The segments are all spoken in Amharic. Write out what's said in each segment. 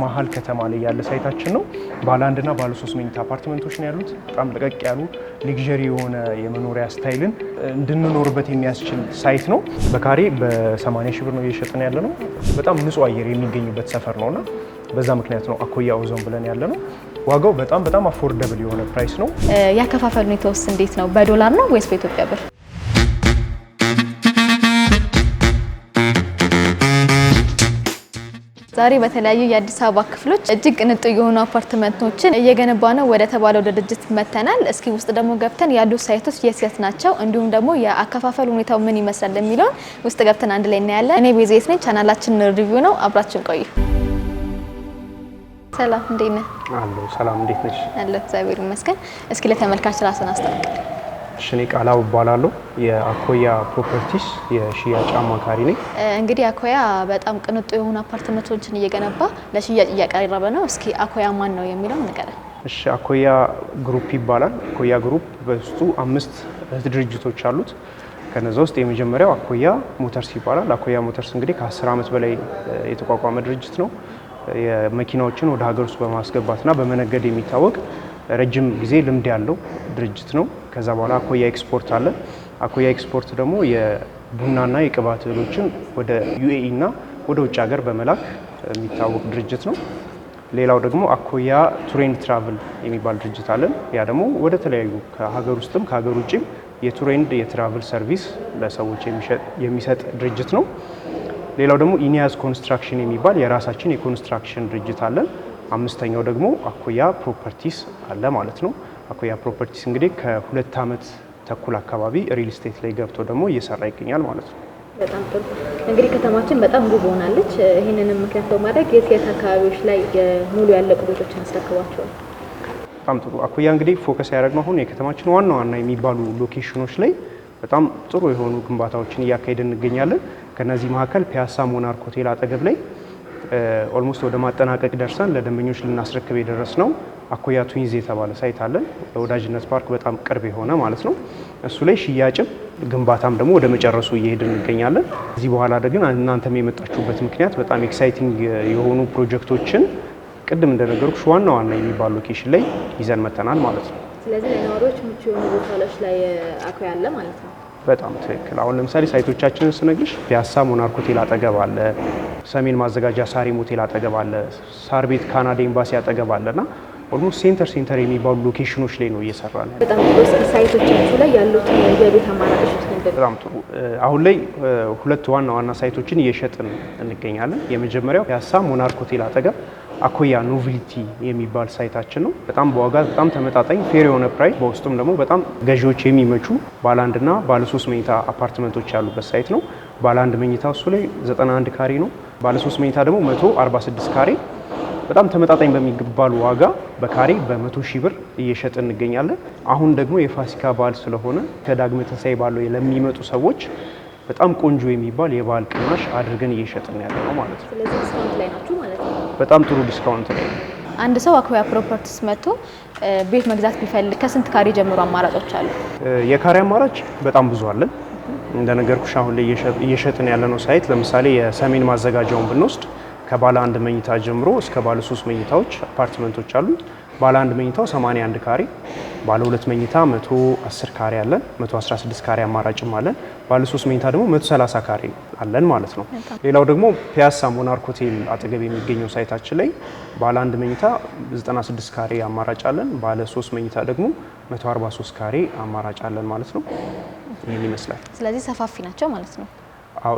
መሀል ከተማ ላይ ያለ ሳይታችን ነው። ባለ አንድና ባለ ሶስት መኝታ አፓርትመንቶች ነው ያሉት። በጣም ለቀቅ ያሉ ሊግዠሪ የሆነ የመኖሪያ ስታይልን እንድንኖርበት የሚያስችል ሳይት ነው። በካሬ በ80 ሺህ ብር ነው እየሸጥን ያለ ነው። በጣም ንጹህ አየር የሚገኝበት ሰፈር ነውና በዛ ምክንያት ነው አኮያ ኦዞን ብለን ያለ ነው። ዋጋው በጣም በጣም አፎርደብል የሆነ ፕራይስ ነው። ያከፋፈሉ ውስጥ እንዴት ነው? በዶላር ነው ወይስ በኢትዮጵያ ብር? ዛሬ በተለያዩ የአዲስ አበባ ክፍሎች እጅግ ቅንጡ የሆኑ አፓርትመንቶችን እየገነባ ነው ወደ ተባለው ድርጅት መተናል። እስኪ ውስጥ ደግሞ ገብተን ያሉ ሳይቶች የት ናቸው፣ እንዲሁም ደግሞ የአከፋፈል ሁኔታው ምን ይመስላል የሚለውን ውስጥ ገብተን አንድ ላይ እናያለን። እኔ ቤዜት ነኝ። ቻናላችን ሪቪው ነው። አብራችን ቆዩ። ሰላም፣ እንዴት ነህ? ሰላም፣ እንዴት ነሽ? አለሁ፣ እግዚአብሔር ይመስገን። እስኪ ለተመልካች ራስን አስታውቅ ሽኔ ቃላው እባላለሁ። የአኮያ ፕሮፐርቲስ የሽያጭ አማካሪ ነኝ። እንግዲህ አኮያ በጣም ቅንጡ የሆኑ አፓርትመንቶችን እየገነባ ለሽያጭ እያቀረበ ነው። እስኪ አኮያ ማን ነው የሚለው ንገረን። እሺ፣ አኮያ ግሩፕ ይባላል። አኮያ ግሩፕ በውስጡ አምስት እህት ድርጅቶች አሉት። ከነዛ ውስጥ የመጀመሪያው አኮያ ሞተርስ ይባላል። አኮያ ሞተርስ እንግዲህ ከ10 ዓመት በላይ የተቋቋመ ድርጅት ነው። የመኪናዎችን ወደ ሀገር ውስጥ በማስገባትና በመነገድ የሚታወቅ ረጅም ጊዜ ልምድ ያለው ድርጅት ነው። ከዛ በኋላ አኮያ ኤክስፖርት አለ። አኮያ ኤክስፖርት ደግሞ የቡናና የቅባት እህሎችን ወደ ዩኤኢ እና ወደ ውጭ ሀገር በመላክ የሚታወቅ ድርጅት ነው። ሌላው ደግሞ አኮያ ቱሬን ትራቭል የሚባል ድርጅት አለን። ያ ደግሞ ወደ ተለያዩ ከሀገር ውስጥም ከሀገር ውጭም የቱሬንድ የትራቭል ሰርቪስ ለሰዎች የሚሰጥ ድርጅት ነው። ሌላው ደግሞ ኢኒያዝ ኮንስትራክሽን የሚባል የራሳችን የኮንስትራክሽን ድርጅት አለን። አምስተኛው ደግሞ አኮያ ፕሮፐርቲስ አለ ማለት ነው። አኩያ ፕሮፐርቲስ እንግዲህ ከሁለት ዓመት ተኩል አካባቢ ሪል ስቴት ላይ ገብቶ ደግሞ እየሰራ ይገኛል ማለት ነው። በጣም ጥሩ እንግዲህ ከተማችን በጣም ውብ ሆናለች። ይህንንም ምክንያት በማድረግ የት የት አካባቢዎች ላይ ሙሉ ያለቁ ቤቶችን አስረክቧቸዋል? በጣም ጥሩ አኩያ እንግዲህ ፎከስ ያደረግነው አሁን የከተማችን ዋና ዋና የሚባሉ ሎኬሽኖች ላይ በጣም ጥሩ የሆኑ ግንባታዎችን እያካሄደ እንገኛለን። ከነዚህ መካከል ፒያሳ ሞናርክ ሆቴል አጠገብ ላይ ኦልሞስት ወደ ማጠናቀቅ ደርሰን ለደንበኞች ልናስረክብ የደረስ ነው አኮያ ትዊንዝ የተባለ ሳይት አለን። ወዳጅነት ፓርክ በጣም ቅርብ የሆነ ማለት ነው። እሱ ላይ ሽያጭም ግንባታም ደግሞ ወደ መጨረሱ እየሄድ እንገኛለን። ከዚህ በኋላ ደግን እናንተም የመጣችሁበት ምክንያት በጣም ኤክሳይቲንግ የሆኑ ፕሮጀክቶችን ቅድም እንደነገርኩሽ ዋና ዋና የሚባል ሎኬሽን ላይ ይዘን መተናል ማለት ነው። ስለዚህ ለነዋሪዎች ምቹ የሆኑ ቦታዎች ላይ አኮያ አለ ማለት ነው። በጣም ትክክል። አሁን ለምሳሌ ሳይቶቻችንን ስነግርሽ ፒያሳ ሞናርክ ሆቴል አጠገብ አለ፣ ሰሜን ማዘጋጃ ሳሪም ሆቴል አጠገብ አለ፣ ሳር ቤት ካናዳ ኤምባሲ አጠገብ አለ እና ኦልሞስት ሴንተር ሴንተር የሚባሉ ሎኬሽኖች ላይ ነው እየሰራ ነው። በጣም ሳይቶቻችሁ ላይ ያሉት የቤት አማራጮች በጣም ጥሩ። አሁን ላይ ሁለት ዋና ዋና ሳይቶችን እየሸጥን እንገኛለን። የመጀመሪያው ፒያሳ ሞናርክ ሆቴል አጠገብ አኮያ ኖቪሊቲ የሚባል ሳይታችን ነው። በጣም በዋጋ በጣም ተመጣጣኝ ፌር የሆነ ፕራይስ፣ በውስጡም ደግሞ በጣም ገዢዎች የሚመቹ ባለ አንድና ባለ ሶስት መኝታ አፓርትመንቶች ያሉበት ሳይት ነው። ባለ አንድ መኝታ እሱ ላይ 91 ካሬ ነው። ባለ ሶስት መኝታ ደግሞ 146 ካሬ በጣም ተመጣጣኝ በሚባል ዋጋ በካሬ በመቶ ሺህ ብር እየሸጥ እንገኛለን። አሁን ደግሞ የፋሲካ በዓል ስለሆነ ከዳግመ ትንሣኤ ባለው ለሚመጡ ሰዎች በጣም ቆንጆ የሚባል የበዓል ቅናሽ አድርገን እየሸጥን ያለ ነው ማለት ነው። ስለዚህ ዲስካውንት ላይ ናችሁ ማለት ነው። በጣም ጥሩ ዲስካውንት ላይ ነው። አንድ ሰው አኩያ ፕሮፐርቲስ መጥቶ ቤት መግዛት ቢፈልግ ከስንት ካሬ ጀምሮ አማራጮች አሉ? የካሬ አማራጭ በጣም ብዙ አለን። እንደነገርኩሽ አሁን ላይ እየሸጥን ያለነው ሳይት ለምሳሌ የሰሜን ማዘጋጃውን ብንወስድ ከባለ አንድ መኝታ ጀምሮ እስከ ባለ ሶስት መኝታዎች አፓርትመንቶች አሉ። ባለ አንድ መኝታው 81 ካሬ፣ ባለ ሁለት መኝታ 110 ካሬ አለን፣ 116 ካሬ አማራጭም አለን። ባለ ሶስት መኝታ ደግሞ 130 ካሬ አለን ማለት ነው። ሌላው ደግሞ ፒያሳ ሞናርክ ሆቴል አጠገብ የሚገኘው ሳይታችን ላይ ባለ አንድ መኝታ 96 ካሬ አማራጭ አለን፣ ባለ ሶስት መኝታ ደግሞ 143 ካሬ አማራጭ አለን ማለት ነው። ይህን ይመስላል። ስለዚህ ሰፋፊ ናቸው ማለት ነው።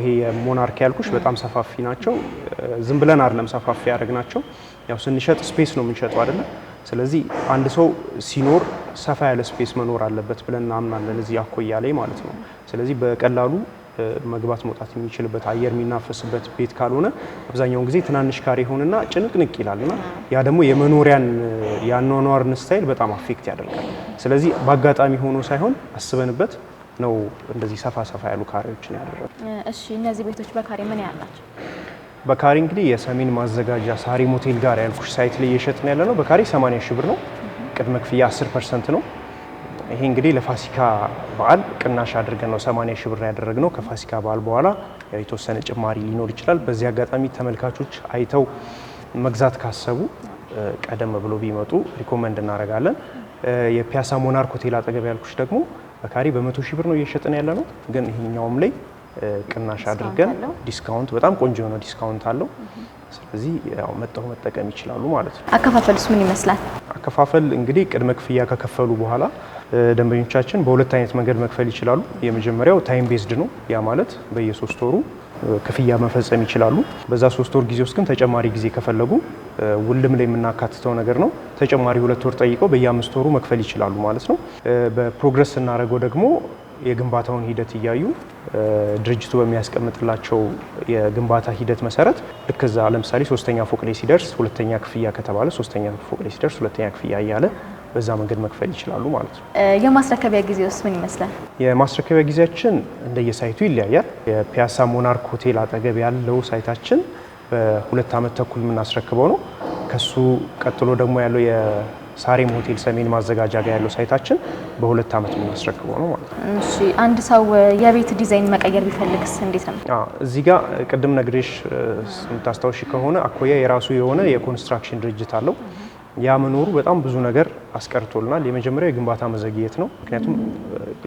ይሄ የሞናርኪ ያልኩሽ በጣም ሰፋፊ ናቸው። ዝም ብለን አይደለም ሰፋፊ ያደረግ ናቸው። ያው ስንሸጥ ስፔስ ነው የምንሸጠው አይደለ? ስለዚህ አንድ ሰው ሲኖር ሰፋ ያለ ስፔስ መኖር አለበት ብለን እናምናለን፣ እዚህ አኮያ ላይ ማለት ነው። ስለዚህ በቀላሉ መግባት መውጣት የሚችልበት አየር የሚናፈስበት ቤት ካልሆነ አብዛኛውን ጊዜ ትናንሽ ካሬ ሆንና ጭንቅንቅ ይላልና ያ ደግሞ የመኖሪያን የአኗኗርን ስታይል በጣም አፌክት ያደርጋል። ስለዚህ በአጋጣሚ ሆኖ ሳይሆን አስበንበት ነው እንደዚህ ሰፋ ሰፋ ያሉ ካሬዎችን ያደረጉ። እሺ እነዚህ ቤቶች በካሬ ምን ያህል ናቸው? በካሬ እንግዲህ የሰሜን ማዘጋጃ ሳሪ ሆቴል ጋር ያልኩሽ ሳይት ላይ እየሸጥን ያለ ነው። በካሬ 80 ሺህ ብር ነው። ቅድመ ክፍያ 10 ፐርሰንት ነው። ይሄ እንግዲህ ለፋሲካ በዓል ቅናሽ አድርገን ነው 80 ሺህ ብር ያደረግነው። ከፋሲካ በዓል በኋላ የተወሰነ ጭማሪ ሊኖር ይችላል። በዚህ አጋጣሚ ተመልካቾች አይተው መግዛት ካሰቡ ቀደም ብሎ ቢመጡ ሪኮመንድ እናደርጋለን። የፒያሳ ሞናርክ ሆቴል አጠገብ ያልኩሽ ደግሞ በካሬ በመቶ ሺህ ብር ነው እየሸጥን ያለ ነው። ግን ይሄኛውም ላይ ቅናሽ አድርገን ዲስካውንት በጣም ቆንጆ የሆነ ዲስካውንት አለው። ስለዚህ ያው መጣው መጠቀም ይችላሉ ማለት ነው። አከፋፈልስ ምን ይመስላል? አከፋፈል እንግዲህ ቅድመ ክፍያ ከከፈሉ በኋላ ደንበኞቻችን በሁለት አይነት መንገድ መክፈል ይችላሉ። የመጀመሪያው ታይም ቤዝድ ነው። ያ ማለት በየሶስት ወሩ ክፍያ መፈጸም ይችላሉ። በዛ ሶስት ወር ጊዜ ውስጥ ግን ተጨማሪ ጊዜ ከፈለጉ ውልም ላይ የምናካትተው ነገር ነው። ተጨማሪ ሁለት ወር ጠይቀው በየአምስት ወሩ መክፈል ይችላሉ ማለት ነው። በፕሮግረስ ስናደርገው ደግሞ የግንባታውን ሂደት እያዩ ድርጅቱ በሚያስቀምጥላቸው የግንባታ ሂደት መሰረት ልክ እዛ ለምሳሌ ሶስተኛ ፎቅ ላይ ሲደርስ ሁለተኛ ክፍያ ከተባለ ሶስተኛ ፎቅ ላይ ሲደርስ ሁለተኛ ክፍያ እያለ በዛ መንገድ መክፈል ይችላሉ ማለት ነው። የማስረከቢያ ጊዜ ውስጥ ምን ይመስላል? የማስረከቢያ ጊዜያችን እንደየሳይቱ ይለያያል። የፒያሳ ሞናርክ ሆቴል አጠገብ ያለው ሳይታችን በሁለት ዓመት ተኩል የምናስረክበው ነው። ከሱ ቀጥሎ ደግሞ ያለው የሳሬም ሆቴል ሰሜን ማዘጋጃ ጋር ያለው ሳይታችን በሁለት ዓመት የምናስረክበው ነው ማለት ነው። እሺ አንድ ሰው የቤት ዲዛይን መቀየር ቢፈልግስ እንዴት ነው? እዚህ ጋር ቅድም ነግሬሽ የምታስታውሽ ከሆነ አኮያ የራሱ የሆነ የኮንስትራክሽን ድርጅት አለው። ያ መኖሩ በጣም ብዙ ነገር አስቀርቶልናል። የመጀመሪያው የግንባታ መዘግየት ነው። ምክንያቱም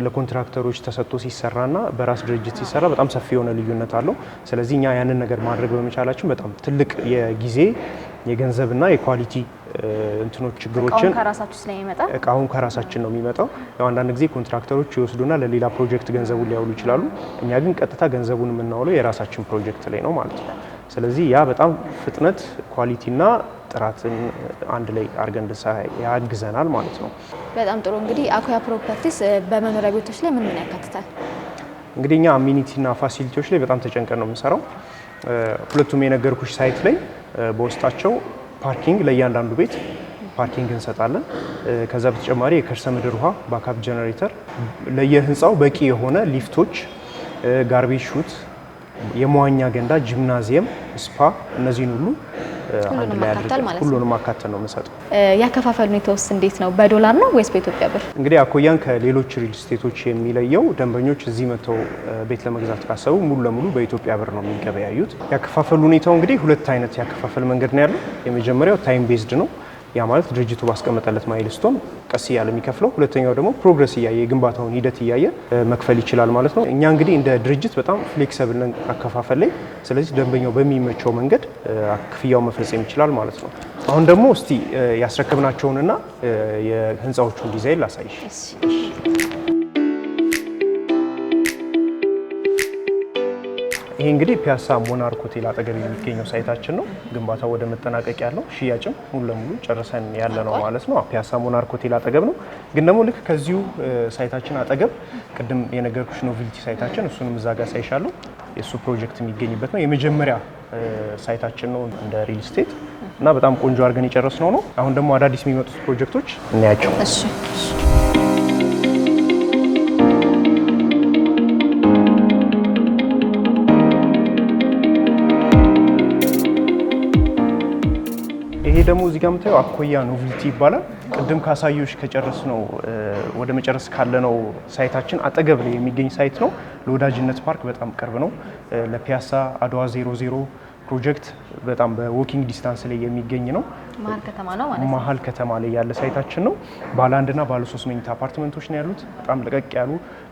ለኮንትራክተሮች ተሰጥቶ ሲሰራና በራስ ድርጅት ሲሰራ በጣም ሰፊ የሆነ ልዩነት አለው። ስለዚህ እኛ ያንን ነገር ማድረግ በመቻላችን በጣም ትልቅ የጊዜ የገንዘብና የኳሊቲ እንትኖች ችግሮችን እቃውን ከራሳችን ነው የሚመጣው። ያው አንዳንድ ጊዜ ኮንትራክተሮች ይወስዱና ለሌላ ፕሮጀክት ገንዘቡን ሊያውሉ ይችላሉ። እኛ ግን ቀጥታ ገንዘቡን የምናውለው የራሳችን ፕሮጀክት ላይ ነው ማለት ነው። ስለዚህ ያ በጣም ፍጥነት ኳሊቲና ጥራትን አንድ ላይ አድርገን እንድንሰራ ያግዘናል ማለት ነው። በጣም ጥሩ። እንግዲህ አኩያ ፕሮፐርቲስ በመኖሪያ ቤቶች ላይ ምን ምን ያካትታል? እንግዲህ እኛ አሚኒቲና ፋሲሊቲዎች ላይ በጣም ተጨንቀን ነው የምንሰራው። ሁለቱም የነገርኩሽ ሳይት ላይ በውስጣቸው ፓርኪንግ ለእያንዳንዱ ቤት ፓርኪንግ እንሰጣለን። ከዛ በተጨማሪ የከርሰ ምድር ውሃ ባካፕ ጀነሬተር፣ ለየህንፃው በቂ የሆነ ሊፍቶች፣ ጋርቤጅ ሹት የመዋኛ ገንዳ፣ ጂምናዚየም፣ ስፓ እነዚህን ሁሉ አንድ ላይ አድርገን ሁሉንም አካተን ነው የምንሰጠው። ያከፋፈል ሁኔታውስ እንዴት ነው? በዶላር ነው ወይስ በኢትዮጵያ ብር? እንግዲህ አኮያን ከሌሎች ሪል ስቴቶች የሚለየው ደንበኞች እዚህ መተው ቤት ለመግዛት ካሰቡ ሙሉ ለሙሉ በኢትዮጵያ ብር ነው የሚገበያዩት። ያከፋፈል ሁኔታው እንግዲህ ሁለት አይነት ያከፋፈል መንገድ ነው ያለው። የመጀመሪያው ታይም ቤዝድ ነው። ያ ማለት ድርጅቱ ባስቀመጠለት ማይልስቶን ቀስ እያለ የሚከፍለው፣ ሁለተኛው ደግሞ ፕሮግረስ እያየ የግንባታውን ሂደት እያየ መክፈል ይችላል ማለት ነው። እኛ እንግዲህ እንደ ድርጅት በጣም ፍሌክሰብል ነን አከፋፈል ላይ። ስለዚህ ደንበኛው በሚመቸው መንገድ ክፍያው መፈጸም ይችላል ማለት ነው። አሁን ደግሞ እስቲ ያስረከብናቸውንና የህንፃዎቹን ዲዛይን ላሳይሽ። ይሄ እንግዲህ ፒያሳ ሞናርክ ሆቴል አጠገብ የሚገኘው ሳይታችን ነው። ግንባታው ወደ መጠናቀቅ ያለው ሽያጭም ሙሉ ለሙሉ ጨርሰን ያለ ነው ማለት ነው። ፒያሳ ሞናርክ ሆቴል አጠገብ ነው። ግን ደግሞ ልክ ከዚሁ ሳይታችን አጠገብ ቅድም የነገርኩሽ ኖቪልቲ ሳይታችን እሱንም እዛ ጋር ሳይሻለው የእሱ ፕሮጀክት የሚገኝበት ነው። የመጀመሪያ ሳይታችን ነው እንደ ሪል ስቴት እና በጣም ቆንጆ አድርገን የጨረስነው ነው። አሁን ደግሞ አዳዲስ የሚመጡት ፕሮጀክቶች እናያቸው። ደግሞ እዚህ ጋር የምታየው አኮያ ኖቪልቲ ይባላል። ቅድም ካሳዮች ከጨረስ ነው ወደ መጨረስ ካለነው ሳይታችን አጠገብ ላይ የሚገኝ ሳይት ነው። ለወዳጅነት ፓርክ በጣም ቅርብ ነው። ለፒያሳ አድዋ ዜሮ ዜሮ ፕሮጀክት በጣም በዎኪንግ ዲስታንስ ላይ የሚገኝ ነው። መሀል ከተማ ላይ ያለ ሳይታችን ነው። ባለ አንድና ባለ ሶስት መኝታ አፓርትመንቶች ነው ያሉት። በጣም ለቀቅ ያሉ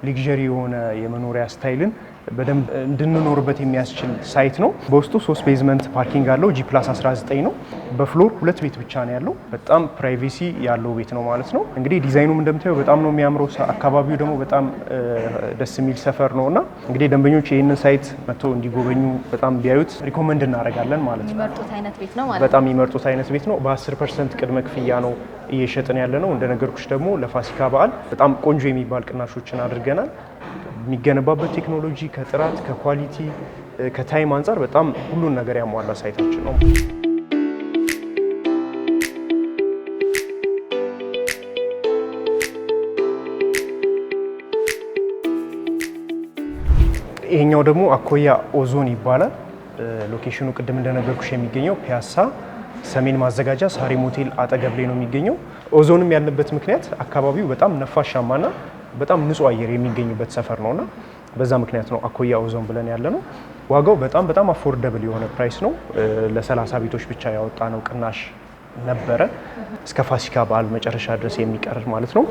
ሊግዠሪ የሆነ የመኖሪያ ስታይልን በደንብ እንድንኖርበት የሚያስችል ሳይት ነው። በውስጡ ሶስት ቤዝመንት ፓርኪንግ አለው። ጂ ፕላስ 19 ነው። በፍሎር ሁለት ቤት ብቻ ነው ያለው። በጣም ፕራይቬሲ ያለው ቤት ነው ማለት ነው። እንግዲህ ዲዛይኑም እንደምታየው በጣም ነው የሚያምረው። አካባቢው ደግሞ በጣም ደስ የሚል ሰፈር ነው እና እንግዲህ ደንበኞች ይህንን ሳይት መጥተው እንዲጎበኙ በጣም ቢያዩት ሪኮመንድ እናደርጋለን ማለት ነው። በጣም የሚመርጡት አይነት ቤት ነው። በ10 ፐርሰንት ቅድመ ክፍያ ነው እየሸጥን ያለ ነው። እንደነገርኩሽ ደግሞ ለፋሲካ በዓል በጣም ቆንጆ የሚባል ቅናሾችን አድርገናል። የሚገነባበት ቴክኖሎጂ ከጥራት ከኳሊቲ ከታይም አንጻር በጣም ሁሉን ነገር ያሟላ ሳይታችን ነው። ይሄኛው ደግሞ አኮያ ኦዞን ይባላል። ሎኬሽኑ ቅድም እንደነገርኩሽ የሚገኘው ፒያሳ ሰሜን ማዘጋጃ ሳሪም ሆቴል አጠገብ ላይ ነው የሚገኘው። ኦዞንም ያለበት ምክንያት አካባቢው በጣም ነፋሻማና በጣም ንጹህ አየር የሚገኝበት ሰፈር ነው እና በዛ ምክንያት ነው አኮያ ኦዞን ብለን ያለ ነው። ዋጋው በጣም በጣም አፎርደብል የሆነ ፕራይስ ነው። ለሰላሳ ቤቶች ብቻ ያወጣ ነው ቅናሽ ነበረ እስከ ፋሲካ በዓል መጨረሻ ድረስ የሚቀር ማለት ነው።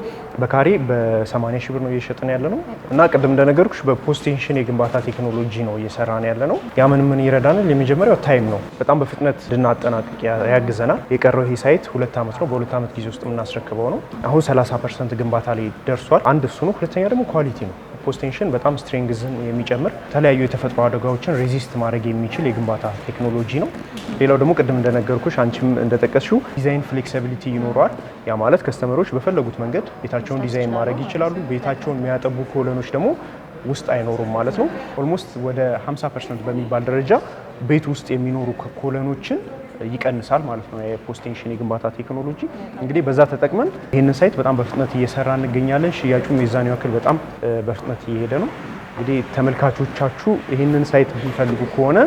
በካሬ በ80 ሺህ ብር ነው እየሸጥን ያለ ነው እና ቅድም እንደነገርኩሽ በፖስቴንሽን የግንባታ ቴክኖሎጂ ነው እየሰራን ያለ ነው። ያ ምን ምን ይረዳናል? የመጀመሪያው ታይም ነው። በጣም በፍጥነት እንድናጠናቅቅ ያግዘናል። የቀረው ይህ ሳይት ሁለት ዓመት ነው። በሁለት ዓመት ጊዜ ውስጥ የምናስረክበው ነው። አሁን 30 ፐርሰንት ግንባታ ላይ ደርሷል። አንድ እሱ ነው። ሁለተኛ ደግሞ ኳሊቲ ነው። ፖስት ቴንሽን በጣም ስትሬንግዝን የሚጨምር የተለያዩ የተፈጥሮ አደጋዎችን ሬዚስት ማድረግ የሚችል የግንባታ ቴክኖሎጂ ነው። ሌላው ደግሞ ቅድም እንደነገርኩሽ አንቺም እንደጠቀስሽው ዲዛይን ፍሌክሲቢሊቲ ይኖረዋል። ያ ማለት ከስተመሮች በፈለጉት መንገድ ቤታቸውን ዲዛይን ማድረግ ይችላሉ። ቤታቸውን የሚያጠቡ ኮለኖች ደግሞ ውስጥ አይኖሩም ማለት ነው። ኦልሞስት ወደ 50 ፐርሰንት በሚባል ደረጃ ቤት ውስጥ የሚኖሩ ኮለኖችን ይቀንሳል ማለት ነው። የፖስት የግንባታ ቴክኖሎጂ እንግዲህ በዛ ተጠቅመን ይህንን ሳይት በጣም በፍጥነት እየሰራ እንገኛለን። ሽያጩም የዛን ያክል በጣም በፍጥነት እየሄደ ነው። እንግዲህ ተመልካቾቻችሁ ይህንን ሳይት የሚፈልጉ ከሆነ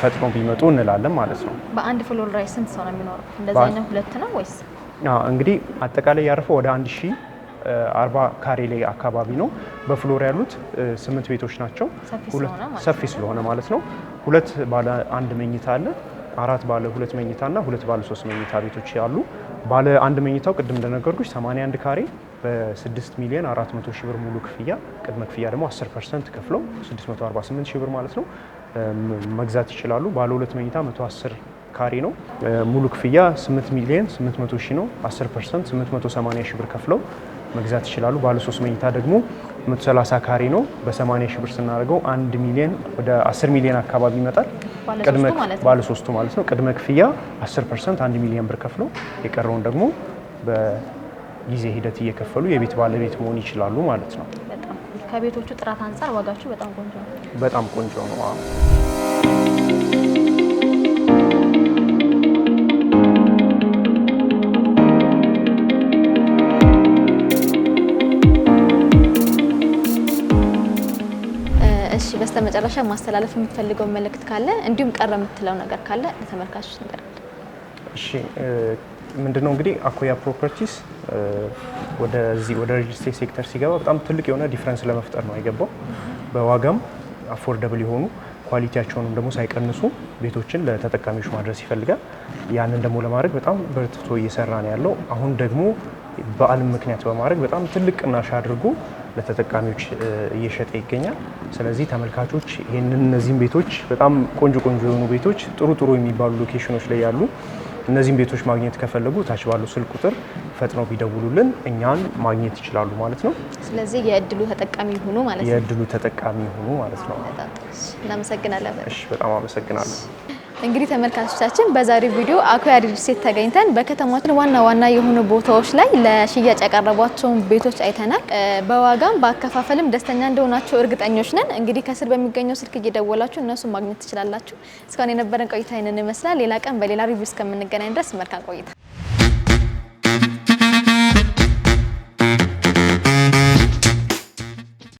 ፈጥኖ ቢመጡ እንላለን ማለት ነው። በአንድ ፍሎር ላይ ስንት ሰው ነው የሚኖረው? እንደዚህ አይነት ሁለት ነው ወይስ? እንግዲህ አጠቃላይ ያረፈው ወደ አንድ ሺህ አርባ ካሬ ላይ አካባቢ ነው። በፍሎር ያሉት ስምንት ቤቶች ናቸው። ሰፊ ስለሆነ ማለት ነው። ሁለት ባለ አንድ መኝታ አለ አራት ባለ ሁለት መኝታና ሁለት ባለ ሶስት መኝታ ቤቶች ያሉ ባለ አንድ መኝታው ቅድም እንደነገርኩሽ 81 ካሬ በ6 ሚሊዮን 400 ሺህ ብር ሙሉ ክፍያ ቅድመ ክፍያ ደግሞ 10 ፐርሰንት ከፍለው 648 ሺህ ብር ማለት ነው መግዛት ይችላሉ። ባለ ሁለት መኝታ 110 ካሬ ነው። ሙሉ ክፍያ 8 ሚሊዮን 800 ሺህ ነው። 10 ፐርሰንት 880 ሺህ ብር ከፍለው መግዛት ይችላሉ። ባለ ሶስት መኝታ ደግሞ 130 ካሬ ነው። በ80 ሺህ ብር ስናደርገው 1 ሚሊዮን ወደ 10 ሚሊዮን አካባቢ ይመጣል። ባለ ሶስቱ ማለት ነው። ቅድመ ክፍያ 10 ፐርሰንት 1 ሚሊዮን ብር ከፍሎ የቀረውን ደግሞ በጊዜ ሂደት እየከፈሉ የቤት ባለቤት መሆን ይችላሉ ማለት ነው። ከቤቶቹ ጥራት አንጻር ዋጋችሁ በጣም ቆንጆ ነው። በጣም ቆንጆ ነው። እሺ በስተመጨረሻ ማስተላለፍ የምትፈልገው መልእክት ካለ እንዲሁም ቀረ የምትለው ነገር ካለ ለተመልካቾች ንገራል። እሺ ምንድነው እንግዲህ አኮያ ፕሮፐርቲስ ወደዚህ ወደ ሪል ስቴት ሴክተር ሲገባ በጣም ትልቅ የሆነ ዲፍረንስ ለመፍጠር ነው የገባው። በዋጋም አፎርደብል የሆኑ ኳሊቲያቸውንም ደግሞ ሳይቀንሱ ቤቶችን ለተጠቃሚዎች ማድረስ ይፈልጋል። ያንን ደግሞ ለማድረግ በጣም በርትቶ እየሰራ ነው ያለው። አሁን ደግሞ በአልም ምክንያት በማድረግ በጣም ትልቅ ቅናሽ አድርጎ ለተጠቃሚዎች እየሸጠ ይገኛል። ስለዚህ ተመልካቾች ይህንን እነዚህም ቤቶች በጣም ቆንጆ ቆንጆ የሆኑ ቤቶች ጥሩ ጥሩ የሚባሉ ሎኬሽኖች ላይ ያሉ እነዚህም ቤቶች ማግኘት ከፈለጉ ታች ባለው ስልክ ቁጥር ፈጥነው ቢደውሉልን እኛን ማግኘት ይችላሉ ማለት ነው። ስለዚህ የእድሉ ተጠቃሚ ሆኑ ማለት ነው። የእድሉ ተጠቃሚ ሆኑ ማለት ነው። እናመሰግናለን። እሺ፣ በጣም አመሰግናለሁ። እንግዲህ ተመልካቾቻችን በዛሬው ቪዲዮ አኩያ ሪል ስቴት ተገኝተን በከተማችን ዋና ዋና የሆኑ ቦታዎች ላይ ለሽያጭ ያቀረቧቸውን ቤቶች አይተናል። በዋጋም በአከፋፈልም ደስተኛ እንደሆናቸው እርግጠኞች ነን። እንግዲህ ከስር በሚገኘው ስልክ እየደወላችሁ እነሱ ማግኘት ትችላላችሁ። እስካሁን የነበረን ቆይታ ይህንን ይመስላል። ሌላ ቀን በሌላ ሪቪው እስከምንገናኝ ድረስ መልካም ቆይታ